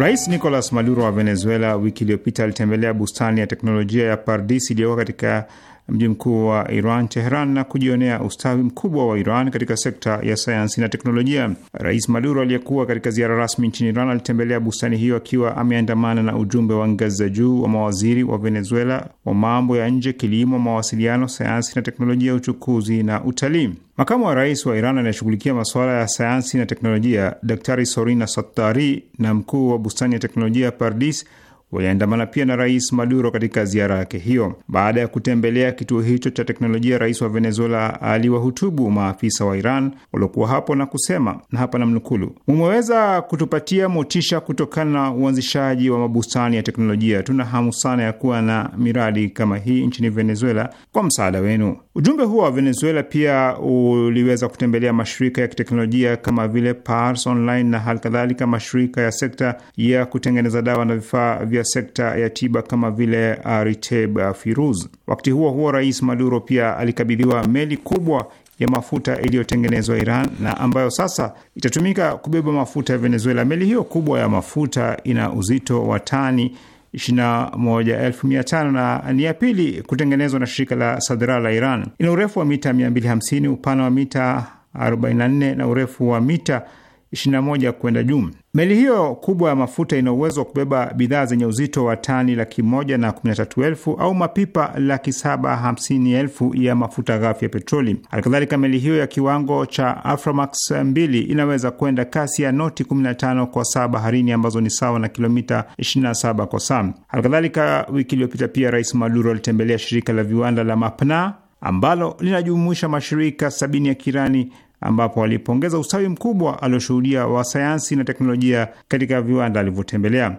Rais Nicolas Maduro wa Venezuela wiki iliyopita alitembelea bustani ya teknolojia ya Pardis iliyoko katika mji mkuu wa Iran, Teheran, na kujionea ustawi mkubwa wa Iran katika sekta ya sayansi na teknolojia. Rais Maduro aliyekuwa katika ziara rasmi nchini Iran alitembelea bustani hiyo akiwa ameandamana na ujumbe wa ngazi za juu wa mawaziri wa Venezuela wa mambo ya nje, kilimo, mawasiliano, sayansi na teknolojia, uchukuzi na utalii. Makamu wa rais wa Iran anayeshughulikia masuala ya sayansi na teknolojia Daktari Sorina Sattari na mkuu wa bustani ya teknolojia Pardis waliandamana pia na Rais Maduro katika ziara yake hiyo. Baada ya kutembelea kituo hicho cha teknolojia, rais wa Venezuela aliwahutubu maafisa wa Iran waliokuwa hapo na kusema, na hapa namnukulu: mumeweza kutupatia motisha kutokana na uanzishaji wa mabustani ya teknolojia. Tuna hamu sana ya kuwa na miradi kama hii nchini Venezuela kwa msaada wenu. Ujumbe huo wa Venezuela pia uliweza kutembelea mashirika ya kiteknolojia kama vile Pars Online na halikadhalika mashirika ya sekta ya kutengeneza dawa na vifaa vya ya sekta ya tiba kama vile uh, riteb uh, Firuz. Wakati huo huo, Rais Maduro pia alikabidhiwa meli kubwa ya mafuta iliyotengenezwa Iran na ambayo sasa itatumika kubeba mafuta ya Venezuela. Meli hiyo kubwa ya mafuta ina uzito wa tani 21,500 na ni ya pili kutengenezwa na shirika la Sadra la Iran. Ina urefu wa mita 250, upana wa mita 44 na urefu wa mita 21 kwenda juu. Meli hiyo kubwa ya mafuta ina uwezo wa kubeba bidhaa zenye uzito wa tani laki moja na kumi na tatu elfu au mapipa laki saba hamsini elfu ya mafuta ghafi ya petroli. Halikadhalika, meli hiyo ya kiwango cha Aframax mbili inaweza kwenda kasi ya noti 15 kwa saa baharini ambazo ni sawa na kilomita 27 kwa saa. Halikadhalika, wiki iliyopita pia Rais Maduro alitembelea shirika la viwanda la Mapna ambalo linajumuisha mashirika sabini ya kirani ambapo alipongeza ustawi mkubwa alioshuhudia wa sayansi na teknolojia katika viwanda alivyotembelea.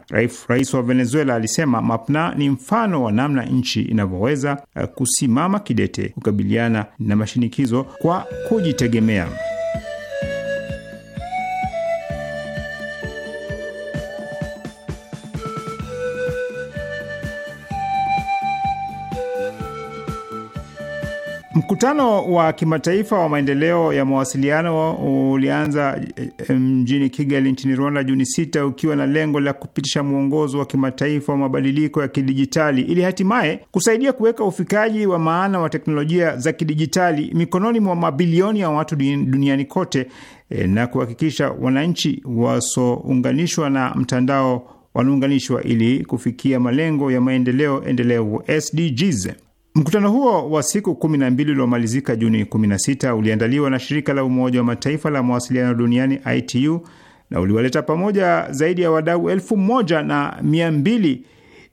Rais wa Venezuela alisema Mapna ni mfano wa namna nchi inavyoweza eh, kusimama kidete kukabiliana na mashinikizo kwa kujitegemea. Mkutano wa kimataifa wa maendeleo ya mawasiliano ulianza eh, mjini Kigali nchini Rwanda Juni sita ukiwa na lengo la kupitisha mwongozo wa kimataifa wa mabadiliko ya kidijitali ili hatimaye kusaidia kuweka ufikaji wa maana wa teknolojia za kidijitali mikononi mwa mabilioni ya watu duniani kote eh, na kuhakikisha wananchi wasounganishwa na mtandao wanaunganishwa ili kufikia malengo ya maendeleo endelevu SDGs. Mkutano huo wa siku kumi na mbili uliomalizika Juni 16 uliandaliwa na shirika la Umoja wa Mataifa la mawasiliano duniani ITU na uliwaleta pamoja zaidi ya wadau elfu moja na mia mbili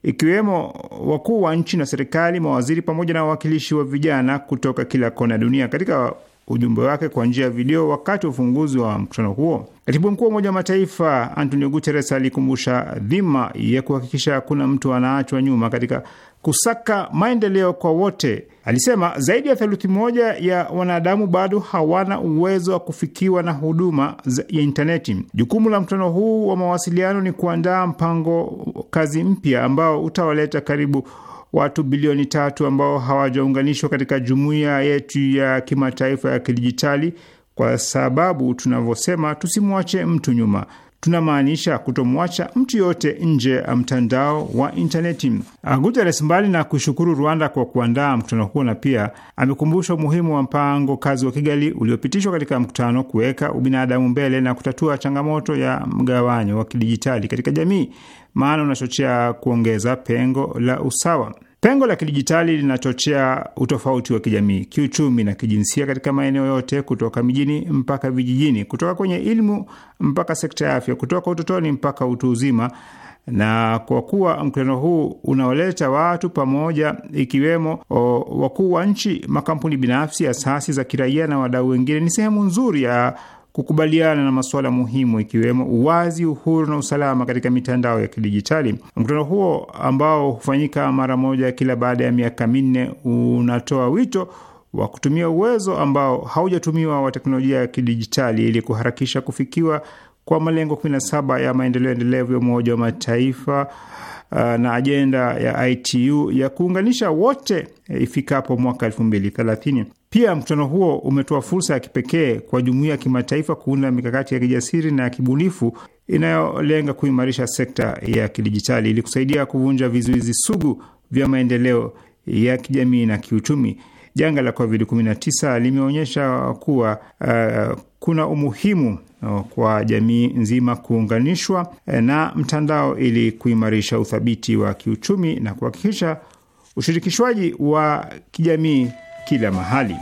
ikiwemo wakuu wa nchi na serikali, mawaziri pamoja na wawakilishi wa vijana kutoka kila kona dunia. Katika ujumbe wake kwa njia ya video wakati wa ufunguzi wa mkutano huo, katibu mkuu wa Umoja wa Mataifa Antonio Guterres alikumbusha dhima ya kuhakikisha hakuna mtu anaachwa nyuma katika kusaka maendeleo kwa wote. Alisema zaidi ya theluthi moja ya wanadamu bado hawana uwezo wa kufikiwa na huduma ya intaneti. Jukumu la mkutano huu wa mawasiliano ni kuandaa mpango kazi mpya ambao utawaleta karibu watu bilioni tatu ambao hawajaunganishwa katika jumuiya yetu ya kimataifa ya kidijitali, kwa sababu tunavyosema, tusimwache mtu nyuma tunamaanisha kutomwacha mtu yoyote nje ya mtandao wa intaneti. Ah, guteres mbali na kushukuru Rwanda kwa kuandaa mkutano huo, na pia amekumbusha umuhimu wa mpango kazi wa Kigali uliopitishwa katika mkutano, kuweka ubinadamu mbele na kutatua changamoto ya mgawanyo wa kidijitali katika jamii, maana unachochea kuongeza pengo la usawa. Pengo la kidijitali linachochea utofauti wa kijamii, kiuchumi na kijinsia katika maeneo yote, kutoka mijini mpaka vijijini, kutoka kwenye elimu mpaka sekta ya afya, kutoka utotoni mpaka utu uzima. Na kwa kuwa mkutano huu unaoleta watu pamoja, ikiwemo wakuu wa nchi, makampuni binafsi, asasi za kiraia na wadau wengine, ni sehemu nzuri ya kukubaliana na masuala muhimu ikiwemo uwazi, uhuru na usalama katika mitandao ya kidijitali. Mkutano huo ambao hufanyika mara moja kila baada ya miaka minne unatoa wito wa kutumia uwezo ambao haujatumiwa wa teknolojia ya kidijitali ili kuharakisha kufikiwa kwa malengo 17 ya maendeleo endelevu ya Umoja wa Mataifa uh, na ajenda ya ITU ya kuunganisha wote eh, ifikapo mwaka 2030. Pia mkutano huo umetoa fursa ya kipekee kwa jumuiya ya kimataifa kuunda mikakati ya kijasiri na ya kibunifu inayolenga kuimarisha sekta ya kidijitali ili kusaidia kuvunja vizuizi sugu vya maendeleo ya kijamii na kiuchumi. Janga la COVID-19 limeonyesha kuwa uh, kuna umuhimu uh, kwa jamii nzima kuunganishwa uh, na mtandao ili kuimarisha uthabiti wa kiuchumi na kuhakikisha ushirikishwaji wa kijamii kila mahali.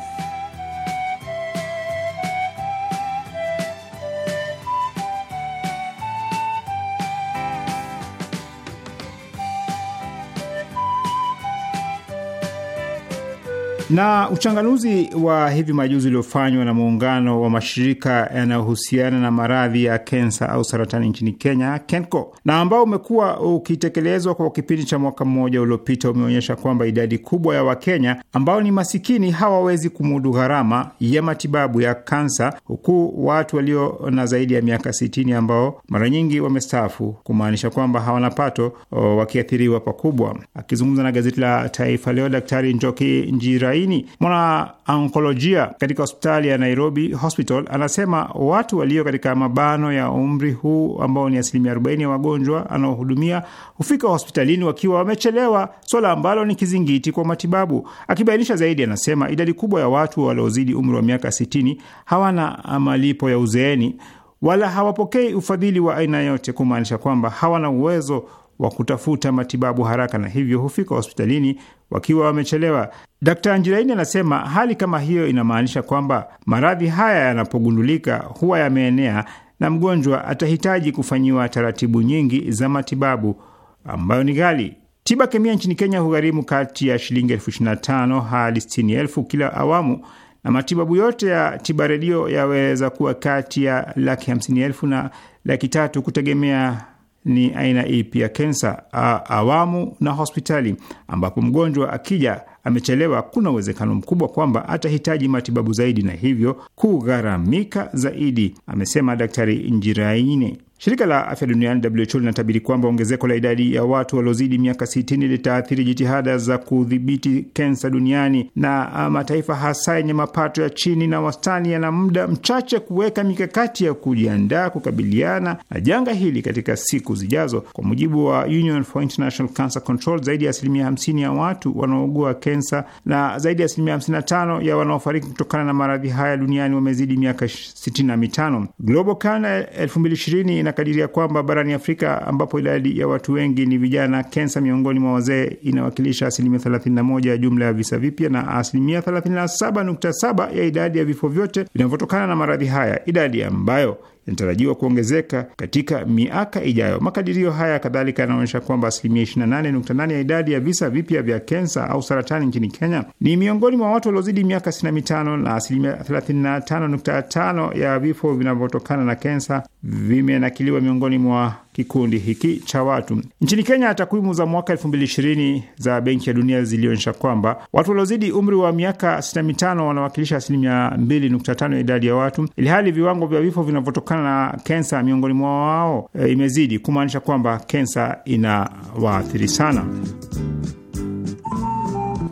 Na uchanganuzi wa hivi majuzi uliofanywa na muungano wa mashirika yanayohusiana na maradhi ya kensa au saratani nchini Kenya, KENCO, na ambao umekuwa ukitekelezwa kwa kipindi cha mwaka mmoja uliopita, umeonyesha kwamba idadi kubwa ya Wakenya ambao ni masikini hawawezi kumudu gharama ya matibabu ya kansa, huku watu walio na zaidi ya miaka sitini ambao mara nyingi wamestaafu, kumaanisha kwamba hawana pato wakiathiriwa pakubwa. Akizungumza na gazeti la Taifa Leo, Daktari Njoki Njira arobaini. Mwanaonkolojia katika hospitali ya Nairobi Hospital anasema watu walio katika mabano ya umri huu ambao ni asilimia arobaini ya wagonjwa anaohudumia hufika hospitalini wakiwa wamechelewa, swala ambalo ni kizingiti kwa matibabu. Akibainisha zaidi, anasema idadi kubwa ya watu waliozidi umri wa miaka sitini hawana malipo ya uzeeni wala hawapokei ufadhili wa aina yote, kumaanisha kwamba hawana uwezo wa kutafuta matibabu haraka na hivyo hufika hospitalini wakiwa wamechelewa. Dkt Anjiraini anasema hali kama hiyo inamaanisha kwamba maradhi haya yanapogundulika huwa yameenea na mgonjwa atahitaji kufanyiwa taratibu nyingi za matibabu ambayo ni ghali. Tiba kemia nchini Kenya hugharimu kati ya shilingi elfu ishirini na tano hadi sitini elfu kila awamu na matibabu yote ya tiba redio yaweza kuwa kati ya laki hamsini elfu na laki tatu kutegemea ni aina ipi ya kensa, awamu na hospitali, ambapo mgonjwa akija amechelewa, kuna uwezekano mkubwa kwamba atahitaji matibabu zaidi na hivyo kugharamika zaidi, amesema Daktari Njiraine. Shirika la afya duniani WHO linatabiri kwamba ongezeko la idadi ya watu waliozidi miaka 60 litaathiri jitihada za kudhibiti kensa duniani, na ah, mataifa hasa yenye mapato ya chini na wastani yana muda mchache kuweka mikakati ya kujiandaa kukabiliana na janga hili katika siku zijazo. Kwa mujibu wa Union for International Cancer Control, zaidi ya asilimia 50 ya watu wanaougua kensa na zaidi ya asilimia 55 ya wanaofariki kutokana na maradhi haya duniani wamezidi miaka 65. Global 2020 inakadiria kwamba barani Afrika, ambapo idadi ya watu wengi ni vijana, kensa miongoni mwa wazee inawakilisha asilimia 31 ya jumla ya visa vipya na asilimia 37.7 ya idadi ya vifo vyote vinavyotokana na maradhi haya, idadi ambayo inatarajiwa kuongezeka katika miaka ijayo. Makadirio haya kadhalika yanaonyesha kwamba asilimia 28.8 ya idadi ya visa vipya vya kensa au saratani nchini Kenya ni miongoni mwa watu waliozidi miaka 65 na asilimia 35.5 ya vifo vinavyotokana na kensa vimenakiliwa miongoni mwa kikundi hiki cha watu. Nchini Kenya, takwimu za mwaka 2020 za Benki ya Dunia zilionyesha kwamba watu waliozidi umri wa miaka 65 wanawakilisha asilimia 2.5 ya idadi ya watu, ili hali viwango vya vifo vinavyotokana na kensa miongoni mwa wao e, eh, imezidi kumaanisha kwamba kensa inawaathiri sana.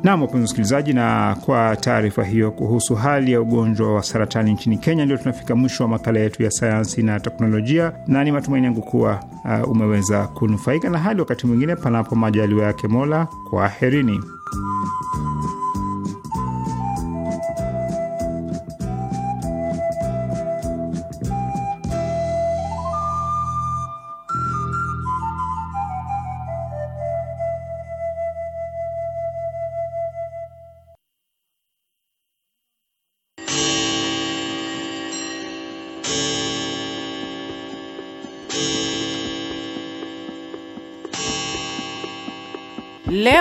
Nam, wapenzi msikilizaji, na kwa taarifa hiyo kuhusu hali ya ugonjwa wa saratani nchini Kenya, ndio tunafika mwisho wa makala yetu ya sayansi na teknolojia, na ni matumaini yangu kuwa uh, umeweza kunufaika. Na hali wakati mwingine, panapo majaliwa yake Mola, kwaherini.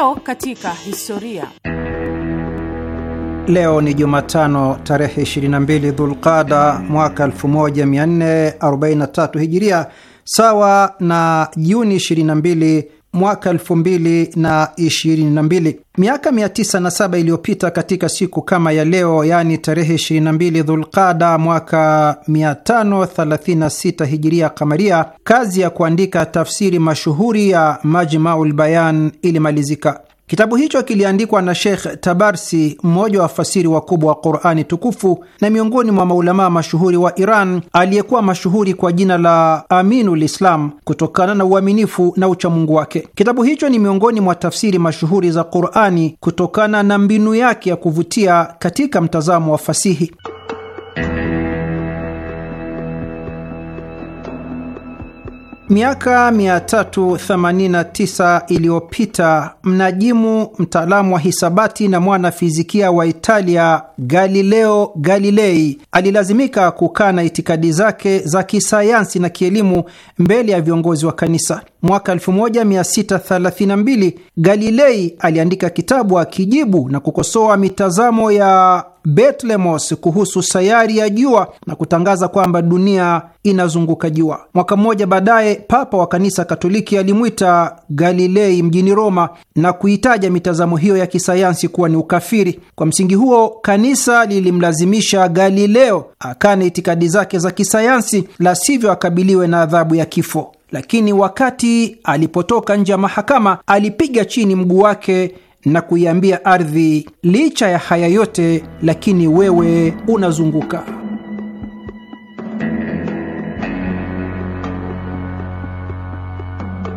Leo katika historia. Leo ni Jumatano tarehe 22 Dhulqada mwaka 1443 Hijiria, sawa na Juni 22 mwaka mbili. Miaka saba iliyopita katika siku kama ya leo, yaani tarehe 22 Dhulqada mwaka 536 hijiria kamaria, kazi ya kuandika tafsiri mashuhuri ya Majmaul Bayan ilimalizika. Kitabu hicho kiliandikwa na Sheikh Tabarsi, mmoja wa wafasiri wakubwa wa Qurani tukufu na miongoni mwa maulamaa mashuhuri wa Iran, aliyekuwa mashuhuri kwa jina la Aminul Islam kutokana na uaminifu na uchamungu wake. Kitabu hicho ni miongoni mwa tafsiri mashuhuri za Qurani kutokana na mbinu yake ya kuvutia katika mtazamo wa fasihi. Miaka 389 iliyopita mnajimu, mtaalamu wa hisabati na mwana fizikia wa Italia Galileo Galilei alilazimika kukaa na itikadi zake za kisayansi na kielimu mbele ya viongozi wa kanisa. Mwaka 1632 Galilei aliandika kitabu akijibu na kukosoa mitazamo ya Betlemos kuhusu sayari ya jua na kutangaza kwamba dunia inazunguka jua. Mwaka mmoja baadaye, papa wa kanisa Katoliki alimwita Galilei mjini Roma na kuitaja mitazamo hiyo ya kisayansi kuwa ni ukafiri. Kwa msingi huo, kanisa lilimlazimisha Galileo akane itikadi zake za kisayansi, la sivyo akabiliwe na adhabu ya kifo. Lakini wakati alipotoka nje ya mahakama, alipiga chini mguu wake na kuiambia ardhi, licha ya haya yote lakini wewe unazunguka.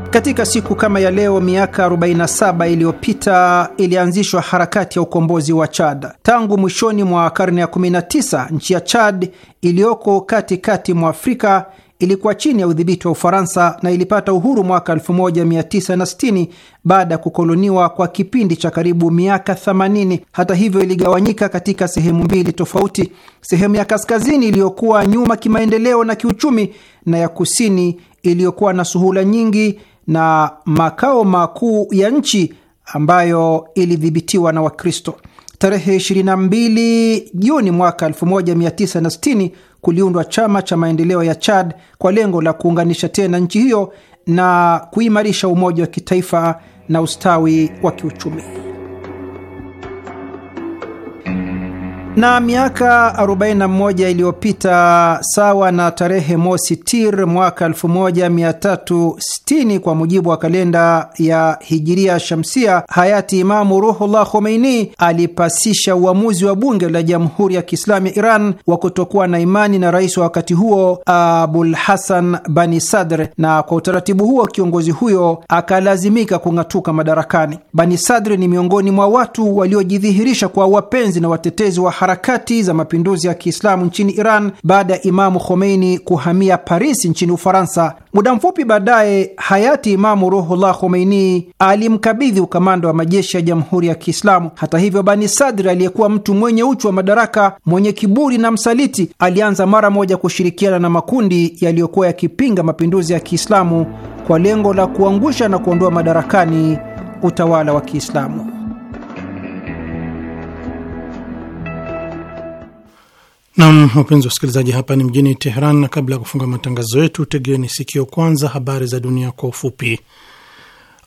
Katika siku kama ya leo miaka 47 iliyopita ilianzishwa harakati ya ukombozi wa Chad. Tangu mwishoni mwa karne ya 19 nchi ya Chad iliyoko katikati mwa Afrika ilikuwa chini ya udhibiti wa Ufaransa na ilipata uhuru mwaka 1960 baada ya kukoloniwa kwa kipindi cha karibu miaka 80. Hata hivyo, iligawanyika katika sehemu mbili tofauti, sehemu ya kaskazini iliyokuwa nyuma kimaendeleo na kiuchumi na ya kusini iliyokuwa na suhula nyingi na makao makuu ya nchi ambayo ilidhibitiwa na Wakristo. Tarehe 22 Juni mwaka 1960 kuliundwa chama cha maendeleo ya Chad kwa lengo la kuunganisha tena nchi hiyo na kuimarisha umoja wa kitaifa na ustawi wa kiuchumi. Na miaka 41 iliyopita sawa na tarehe mosi Tir mwaka 1360 kwa mujibu wa kalenda ya Hijiria Shamsia, hayati Imamu Ruhullah Khomeini alipasisha uamuzi wa bunge la Jamhuri ya Kiislamu ya Iran wa kutokuwa na imani na rais wa wakati huo Abul Hasan Bani Sadr, na kwa utaratibu huo kiongozi huyo akalazimika kung'atuka madarakani. Bani Sadr ni miongoni mwa watu waliojidhihirisha kwa wapenzi na watetezi wa harakati za mapinduzi ya Kiislamu nchini Iran baada ya Imamu Khomeini kuhamia Paris nchini Ufaransa. Muda mfupi baadaye, hayati Imamu Ruhullah Khomeini alimkabidhi ukamanda wa majeshi ya Jamhuri ya Kiislamu. Hata hivyo, Bani Sadri aliyekuwa mtu mwenye uchu wa madaraka, mwenye kiburi na msaliti, alianza mara moja kushirikiana na makundi yaliyokuwa yakipinga mapinduzi ya Kiislamu kwa lengo la kuangusha na kuondoa madarakani utawala wa Kiislamu. Nam, wapenzi wa wasikilizaji, hapa ni mjini Teheran, na kabla ya kufunga matangazo yetu, tegeni sikio kwanza habari za dunia kwa ufupi.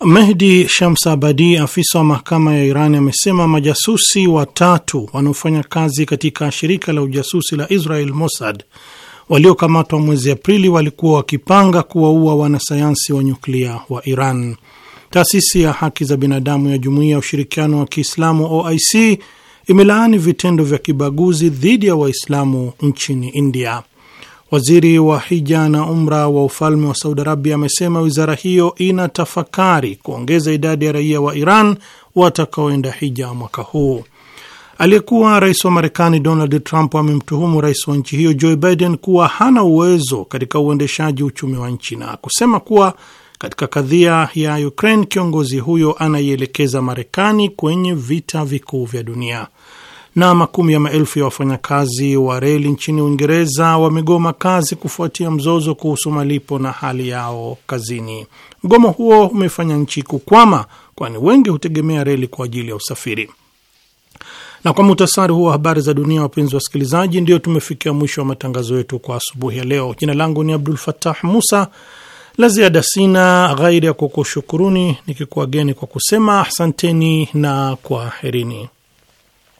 Mehdi Shamsabadi, afisa wa mahakama ya Iran, amesema majasusi watatu wanaofanya kazi katika shirika la ujasusi la Israel Mossad waliokamatwa mwezi Aprili walikuwa wakipanga kuwaua wanasayansi wa nyuklia wa Iran. Taasisi ya haki za binadamu ya Jumuiya ya Ushirikiano wa Kiislamu OIC imelaani vitendo vya kibaguzi dhidi ya Waislamu nchini India. Waziri wa hija na umra wa ufalme wa Saudi Arabia amesema wizara hiyo ina tafakari kuongeza idadi ya raia wa Iran watakaoenda hija mwaka huu. Aliyekuwa rais wa Marekani Donald Trump amemtuhumu rais wa nchi hiyo Joe Biden kuwa hana uwezo katika uendeshaji uchumi wa nchi na kusema kuwa katika kadhia ya Ukraine, kiongozi huyo anaielekeza Marekani kwenye vita vikuu vya dunia. Na makumi ya maelfu ya wafanyakazi wa reli nchini Uingereza wamegoma kazi kufuatia mzozo kuhusu malipo na hali yao kazini. Mgomo huo umefanya nchi kukwama, kwani wengi hutegemea reli kwa ajili ya usafiri. Na kwa muhtasari huu wa habari za dunia, wapenzi wasikilizaji, ndio tumefikia mwisho wa matangazo yetu kwa asubuhi ya leo. Jina langu ni Abdul fatah Musa. La ziada sina ghairi ya kukushukuruni nikikuwageni kwa kusema asanteni na kwaherini